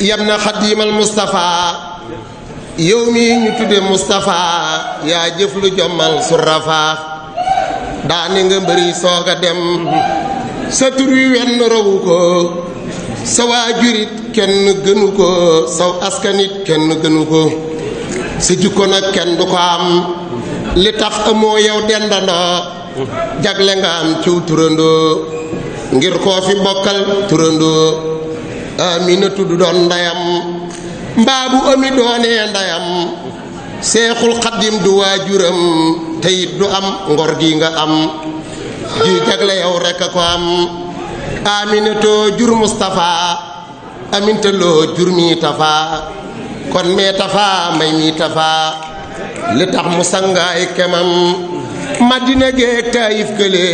yam na xadiimal mustafa yow mii ñu tudde Moustapha yaa jëf lu jommal su rafaa nga mbëri soog a dem sa tur wi wenn rawu ko sa waajurit kenn gënu ko saw askanit kenn gënu ko sa jikko nag kenn du ko am li tax amoo yow dendana jagle nga am ciw turandoo ngir koo fi bokkal turandoo aminatu du doon ndeyam mbaa bu ami doonee ndeyam seexul xaddim du waajuram te du am ngor gi nga am ji jagle yow rekk a ko am aminatoo jur Mustapha amintaloo jur mi tafa kon mee tafa may mi tafa li tax mu sangaay kemam madina gee taayif kële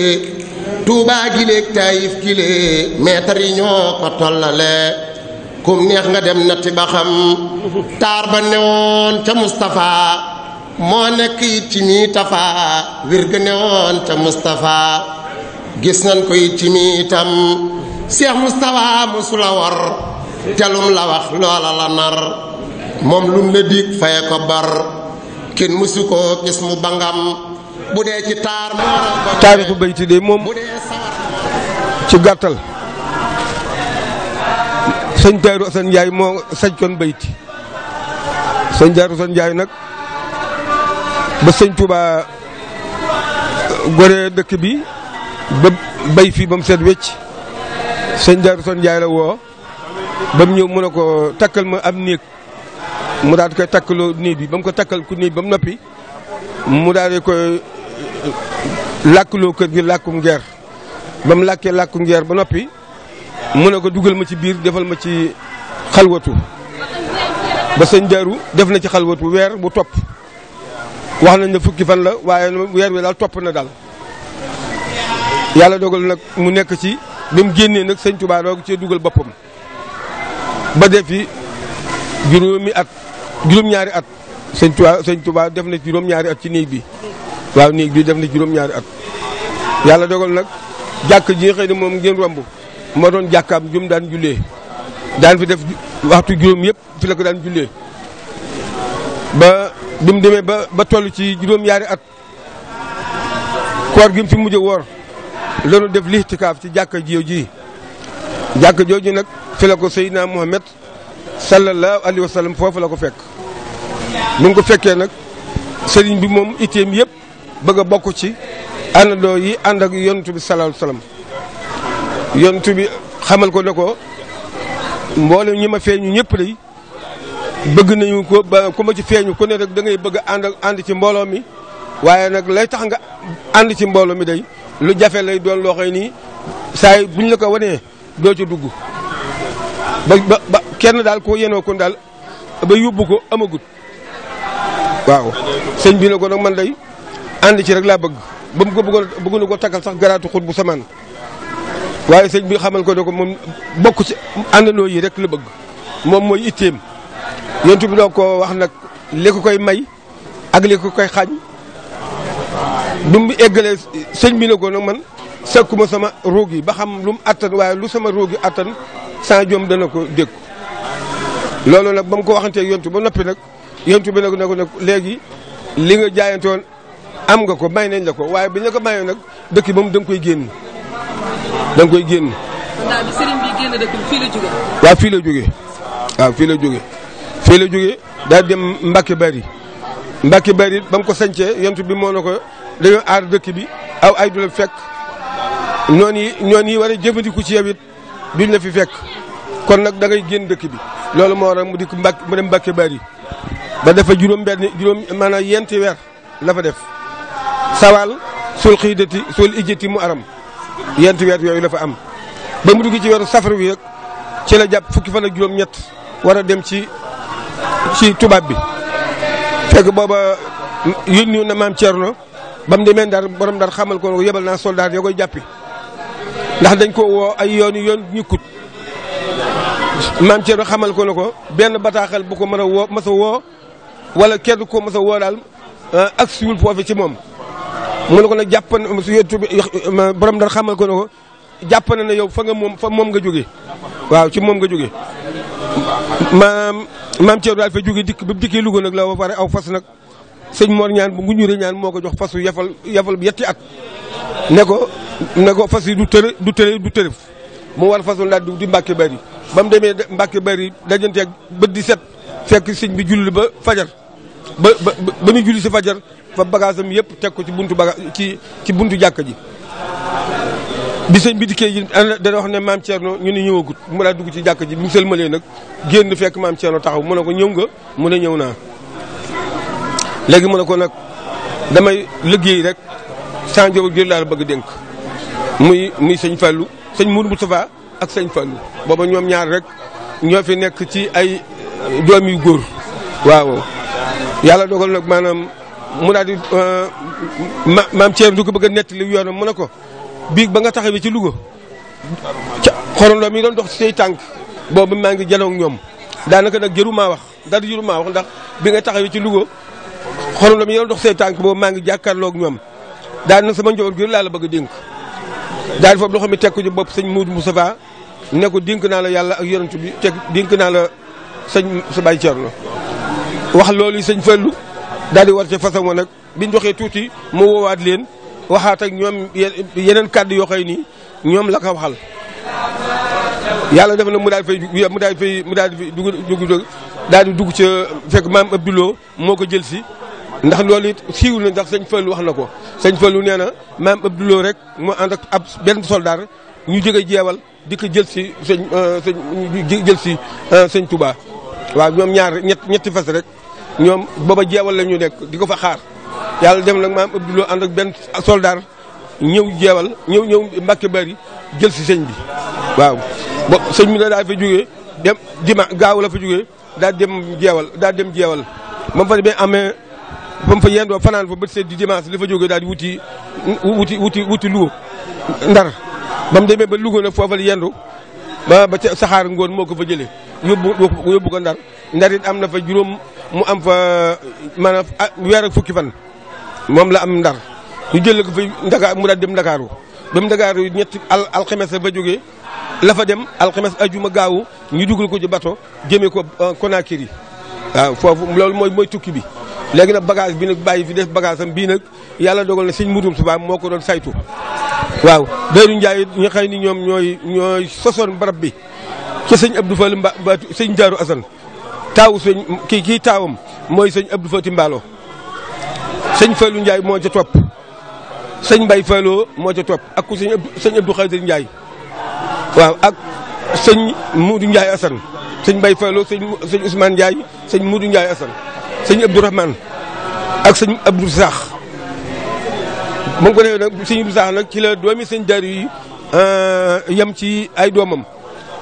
Touba gileeg Taïf gilee maître yi ñoo ko tollale kum neex nga dem na ba xam taar ba newoon ca Moustapha moo nekk it ci mii tafa wir ga newoon ca Moustapha gis nan ko it ci mii itam Seex Moustapha musu la war telum la wax loola la nar moom lum la dig faye ko bar kenn musu ko gis mu bangam bu dee ci taar taarixu bayti de moom ci gàttal sëñ Taaru Asan Njaay moo sañcoon bayti sëñ Taaru Asan Njaay nag ba sëñ Tuubaa uh, goree dëkk bi ba bay fii ba mu set wecc sëñ Taaru Asan Njaay la woo ba mu ñëw mu ne ko takkal ma am néeg mu daal koy takkaloo néeg bi ba mu ko takkal ku néeg ba mu noppi mu daal di koy làkkuloo kër gi làkkum ngeer ba mu làkkee làkkum ngeer ba noppi mu ne ko dugal ma ci biir defal ma ci xalwatu ba sëñ Daaru def na ci xalwatu weer bu topp wax nañ ne fukki fan la waaye weer bi daal topp na daal yàlla dogal nag mu nekk ci bi mu génnee nag sëñ Tuubaa doog cee dugal boppam ba def fi juróomi at juróom-ñaari at sëñ Tuubaa sëñ Tuubaa def na juróom-ñaari at ci néeg bi waaw néeg bi def na juróom-ñaari at yàlla dogal nag jàkk ji xëy na moom ngeen romb moo doon jàkkaam jum daan jullee daan fi def waxtu juróom yëpp fi ko daan jullee ba bi mu demee ba ba toll ci juróom-ñaari at koor gi fi mujj woor loolu def lixtikaaf ci jàkka jooju jàkka jooju nag fi ko Seydina Muhammad sallallahu alayhi wa sallam foofu la ko fekk. nu ko fekkee nag sëriñ bi moom itteem yëpp. bëgg bokku bokk ci àndandoo yi ànd ak yontu bi salaahu salaam yontu bi xamal ko ne ko mboolem ñi ma feeñu ñëpp day bëgg nañu ko ba ku ma ci feeñu ku ne rek da ngay bëgg a ànd ci mbooloo mi waaye nag lay tax nga ànd ci mbooloo mi day lu jafe lay doon loo xëy nii saa yi buñ la ko wanee doo ci dugg ba ba kenn daal ko yenoo kon daal ba yóbbu ko amagut waaw sëñ bi ne ko nag man day ànd ci rek laa bëgg ba mu ko bëggoon bëggu na ko takkal sax garaatu xut bu samaan waaye sëñ bi xamal ko ne ko moom bokku ci àndandoo yi rek la bëgg moom mooy itteem yonent bi doo ko wax nag li koy may ak li koy xañ du mu eggalee sëñ bi ne ko nag man sakkuma sama ruug yi ba xam lu mu attan waaye lu sama ruug yi attan sans jom dana ko dégg loolu nag ba mu ko waxantee yonent ba noppi nag yonent bi na ne ko nag léegi li nga jaayantoon am nga ko may nañ la ko waaye bi ñu la ko mayee nag dëkki moom da nga génn da koy génn. ndax bi sëriñ bi génn dëkk bi fii la jógee. waaw fii la jógee waaw fii la jógee fii la dem Mbacke Bari Mbacke Bari ba mu ko sañcee yontu bi moo na ko dañoo aar dëkk bi aw ay du la fekk noonu yi noonu yi war a jëfandiku ci yow it duñ la fi fekk kon nag da ngay génn dëkk bi loolu moo waral mu dikk Mbacke mu dem Mbacke Bari ba dafa juróom benn juróom maanaam yenti weer la def. sawal sul xiidati sul ijjati mu aram yent weer yooyu la fa am ba mu dugg ci weeru safar wi ci la jàpp fukki fan ak juróom-ñett war a dem ci ci tubaab bi fekk booba yónni na maam Thierno ba mu demee Ndar borom Ndar xamal ko yebal naa soldat yoo koy jàppi ndax dañ ko woo ay yoon yoon ñukkut maam Thierno xamal ko ne ko benn bataaxal bu ko mën a woo mas a woo wala kenn ko mas a woo daal ah, ak siwul foofu ci moom mu ne ko nag jàpp na su yéen borom dara xamal ne ko jàpp na ne yow fa nga moom fa moom nga jóge waaw ci moom nga jóge maam maam Thierno daal fa jóge dikk bi dikkee Louga nag la ba pare aw fas nag sëñ Mor ñaan bu nguñure ñaan moo ko jox fasu yafal yafal yetti at. ne ko ne fas yi du tërë du tërë du tërëf mu war laa daal di mbàkke bari ba mu demee mbàkke bari dajanteeg bët di set fekk sëñ bi julli ba fajar ba ba ba ñu julli si fajar fa bagage am yëpp teg ko ci buntu baga ci ci buntu jàkka ji. bi sëñ bi dikkee ji dana wax ne maam Thierno ñu ne ñëwagut mu daal dugg ci jàkka ji bi mu sëlmalee nag génn fekk maam Thierno taxaw mu ne ko ñëw nga mu ne ñëw naa. léegi mu ne ko nag damay liggéey rek sans njaboot gi laa la bëgg dénk muy muy sëñ Fallou sëñ Mourou Moustapha ak sëñ Fallou booba ñoom ñaar rek ñoo fi nekk ci ay doom yu góor waaw yàlla dogal nag maanaam. mu daal di euh, ma maam Thierno du ko bëgg li nettali yoonam mu ne ko biig ba nga taxawee ci Louga ca xorondoom yi doon dox ci say tànk boobu maa ngi janoog ñoom daanaka nag jëru maa wax dara jëru maa ndax bi nga taxawee ci Louga xorondoom yi doon dox say tànk boobu maa ngi jàkkaarloog ñoom daal na sama njaboot gi laa la bëgg a dénk daal di foofu loo xam ne teg ko ci bopp sëñ Moudou Moustapha ne ko naa la yàlla ak yonent bi teg dénk naa la sëñ sa daal di war ca façon nag biñ doxee tuuti mu woowaat leen waxaat ak ñoom yeneen kàddu yoo xëy nii ñoom la ko yàlla def na mu daal fay mu daal fay mu daal di dugg daal di dugg ca fekk maam Abdoulou moo ko jël si. ndax loolu it siiw na ndax sañ Fallu wax na ko sëñ Fallu nee na maam Abdoulou rek mu ànd ak ab benn soldaar ñu jóge jeewal di ko jël si sëñ euh, sëñ jël si euh, sëñ Touba waaw ñoom ñaar ñetti fas rek. ñoom booba jeewal la ñu nekk di ko fa xaar yàlla dem nag maam Abdou Lo ànd ak benn soldaar ñëw jeewal ñëw ñëw Mbàkke Bari jël si sëñ bi waaw. bo sëñ bi nag daa fa jógee dem gaaw la fa jógee daa dem jeewal daa dem jeewal ba mu fa demee amee ba mu fa yendoo fanaan fa ba seet di dimanche li fa jógee daal wuti wuti wuti wuti Louga ndar bam demee ba Louga nag foofa la ba ba ca saxaar ngoon moo ko fa jëlee yóbbu yóbbu ko ndar ndar am na fa juróom mu am fa maanaam ah, weer ak fukki fan moom la am ndar ñu jëlee ko fi Ndakaar mu daal dem Ndakaaru ba mu Ndakaaru ñetti al alxames la fa jógee la fa dem alxames ajuma gaawu ñu dugal ko ci bato jëmee ko euh, Conakry waaw foofu loolu mooy mooy tukki bi. léegi nag bagage bi nag bàyyi fi def bagage am bii nag yàlla dogal na sëñ Mutum Subaa moo ko doon saytu. waaw Daaru Ndiaye ñi xay ni ñoom ñooy ñooy sosoon barab bi ci sëñ Abdou sëñ Daaru Asan taawu sëñ kii kii taawam mooy sëñ Abdou Fati Mbaalo sëñ Fallou Ndiaye moo ca topp sëñ Mbaye Fallou moo ca ak ku sëñ Abdou sëñ Abdou Khadir Ndiaye waaw ak sëñ Moudou Ndiaye Assane sëñ Mbaye Fallou sëñ sëñ Ousmane Ndiaye sëñ Moudou Ndiaye Assane sëñ Abdou ak sëñ Abdou Sakh mu ko defee nag sëñ Ibou Sakho nag ci la doomi sëñ Daaru yi euh, ci ay doomam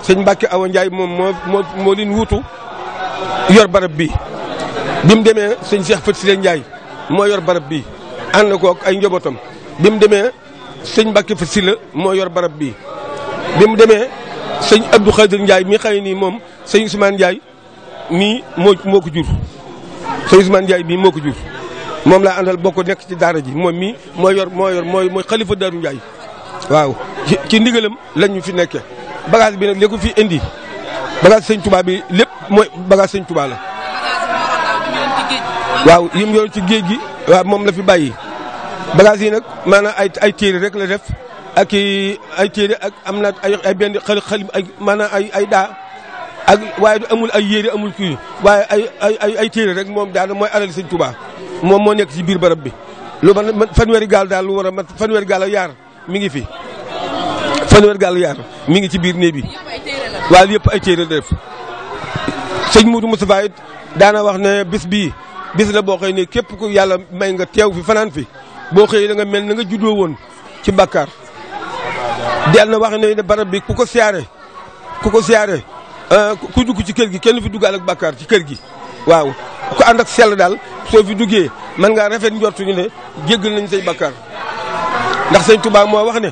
sëñ Mbacke Awa Ndiaye moom moo moo moo yor barab bi bi mu demee sëñ Cheikh Fatou Sile Ndiaye moo yor barab bi ànd ay njabootam bi demee sëñ Mbacke Fatou Sile moo yor barab bi bi demee sëñ Abdou Khadir Ndiaye mi xëy nii moom sëñ Ousmane Ndiaye mii moo moo ko jur sëñ Ousmane Ndiaye mii moo ko jur. moom laa àndal bokk nekk ci daara ji moom mii mooy yor moo yor mooy mooy xalifa Daaru Njaay waaw ci ndigalam lañ ñu fi nekke bagage bi nag li ko fi indi bagage sëñ Tuubaa bi lépp mooy bagage sëñ Tuubaa la waaw yim yor ci géej gi waaw moom la fi bàyyi bagage yi nag maanaam ay ay téere rek la def ak ay téere ak am na ay ay benn xali ay maanaam ay ay daa ak waaye du amul ay yére amul kii waaye ay ay ay téere rek moom daana mooy alal sëñ Tuubaa moom moo nekk ci biir barab bi lu man fanweeri gaal daal war a mat fanweeri gaal ak yaar mi ngi fi fanweeri gaal yaar mi ngi ci biir néeg bi waaye yëpp ay téere def sëñ Moudou Moustapha it daana wax ne bis bi bis na boo xëy ne képp ku yàlla may nga teew fi fanaan fi boo xëyee da nga mel na nga juddoo woon ci bàkkaar dell na wax ne barab bi ku ko siyaare ku ko siyaare euh, ku ci kër gi kenn fi duggaal ak bàkkaar ci kër gi waaw ko ànd ak sell daal soo fi duggee mën ngaa rafet njortuñu ne jéggal nañ sey bakkaar ndax sëñ Tuubaa moo wax ne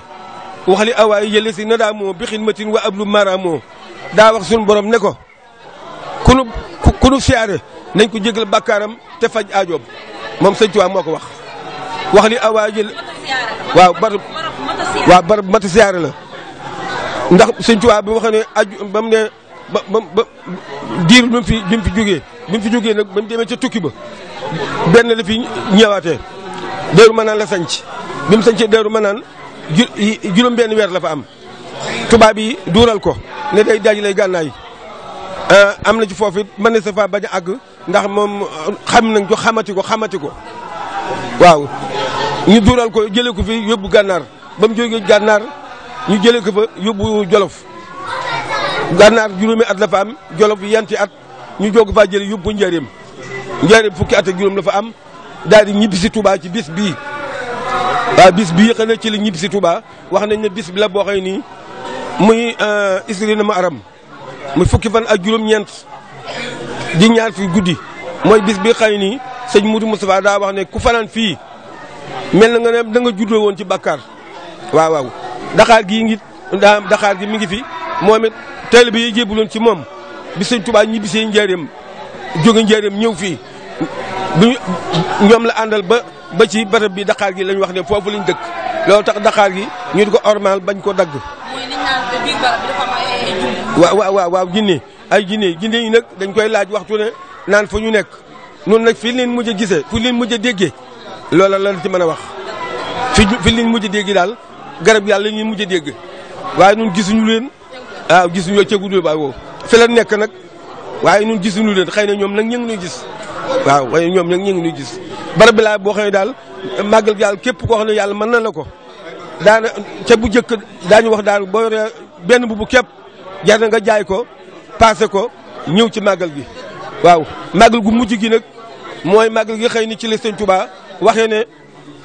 wax li awaay yële si nadaa moo bi xidmatin wa ablu mara moo daa wax suñu borom ne ko ku nu ku nu siyaare nañ ko jégal bakkaaram te faj aajoom moom sëñ Tuubaa moo ko wax wax li awaay yële waaw barab waaw siyaare la ndax sëñ Tuubaa wax ne aju ne ba ba ba diir bi mu fi bi mu fi jógee bi mu fi jógee nag ba mu demee ca tukki ba benn la fi ñëwaatee Daaru Manaan la sanc bi mu sancee Daaru Manaan juróom benn weer la fa am tubaab yi duural ko ne day daaj lay gànnaay euh, am na ci foofu it mën na sa fa bañ a ndax moom xam nañ ko xamati ko xamati ko waaw ñu duural ko jëlee ko fi yóbbu gànnaar ba mu jógee gànnaar ñu jëlee ko fa yóbbu jolof gànnaar juróomi at la fa am jolof yanti at ñu jóg faa jële yóbbu ko njaareem njaareem fukki at ak juróom la fa am daal di ñibbi si Touba ci bis bi waaw bis bii xëy na ci la ñibbi si wax nañ ne bis bi la boo xëy nii muy na ma aram muy fukki fan ak juróom-ñeent di fi guddi mooy bis bi xëy nii sëñ Moudou Moustapha daa wax ne ku fanaan fii mel na nga ne da juddoo woon ci bàkkaar waaw waaw daxaar gi mi ngi taalibe yi jébaloon ci moom bi sëñ Tuubaa ñibbi seen njaareem jóge njaareem ñëw fii bu ñoom la àndal ba ba ci barab bi daqaar gi lañ wax ne foofu lañ dëkk loolu tax daqaar gi ñu di ko ormal bañ ko dagg. waaw waaw waaw waaw jinne ay jinne jinne yi nag dañ koy laaj waxtu ne naan fa ñu nekk noonu nag fii leen mujj a gisee fi leen mujj a déggee loola la ci mën a wax fii fi leen mujj a dégg daal garab yàlla ñuy a dégg waaye ñun gisuñu leen. waaw ah, gisuñu waa cegu dul waaw fi la nekk nag waaye ñun gisuñu leen xëy na ñoom nag ñu ngi ñuy gis waaw waaye ñoom nag ñu ngi ñuy gis barab bi laa boo xëy daal màggal gi daal képp ko xam ne yàlla mën na la ko daana ca bu jëkk daañu wax daal boo yoree benn bu bu képp jar na nga jaay ko paase ko ñëw ci màggal gi waaw màggal gu mujj gi nag mooy màggal gi xëy ni ci la Sëñ Tuubaa waxee ne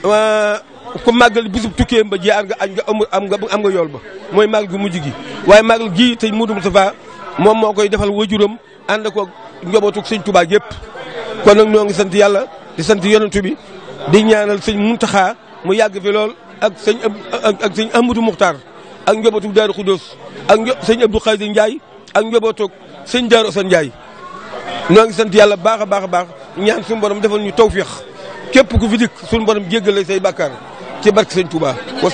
euh, ko màggal bisub tukkee ba jaar nga añ nga am nga am nga yool ba mooy màggal gu mujj gi waaye màggal gii te sa Moustapha moom moo koy defal wajuram ànd ko njobootu sëñ Touba yépp kon nag ñoo ngi sant yàlla di sant yonentu bi di ñaanal sëñ Muntaxa mu yàgg fi lool ak sëñ ak sëñ Amadou Muxtaar ak njobootu Daaru Xuddoos ak sëñ Abdou Khadir njaay ak njobootu sëñ Daaru Asan Ndiaye ñoo ngi sant yàlla baax a baax a baax ñaan suñu borom defal ñu tawféex képp ku fi dikk suñu borom jéggale say bàkkaar ci barke sëñ Touba waaw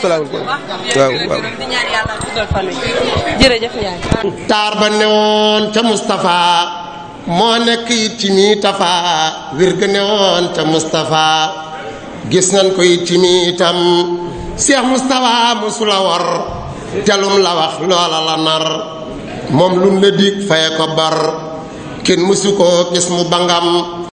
taar ba newoon ca Moustapha moo nekk it ci mii Tafa wér ga newoon ca Moustapha gis nañ ko it ci mii itam Cheikh Moustapha mosu telum la wax loola la nar moom lu mu la dig faye ko bar kenn mosu koo gis mu bangam.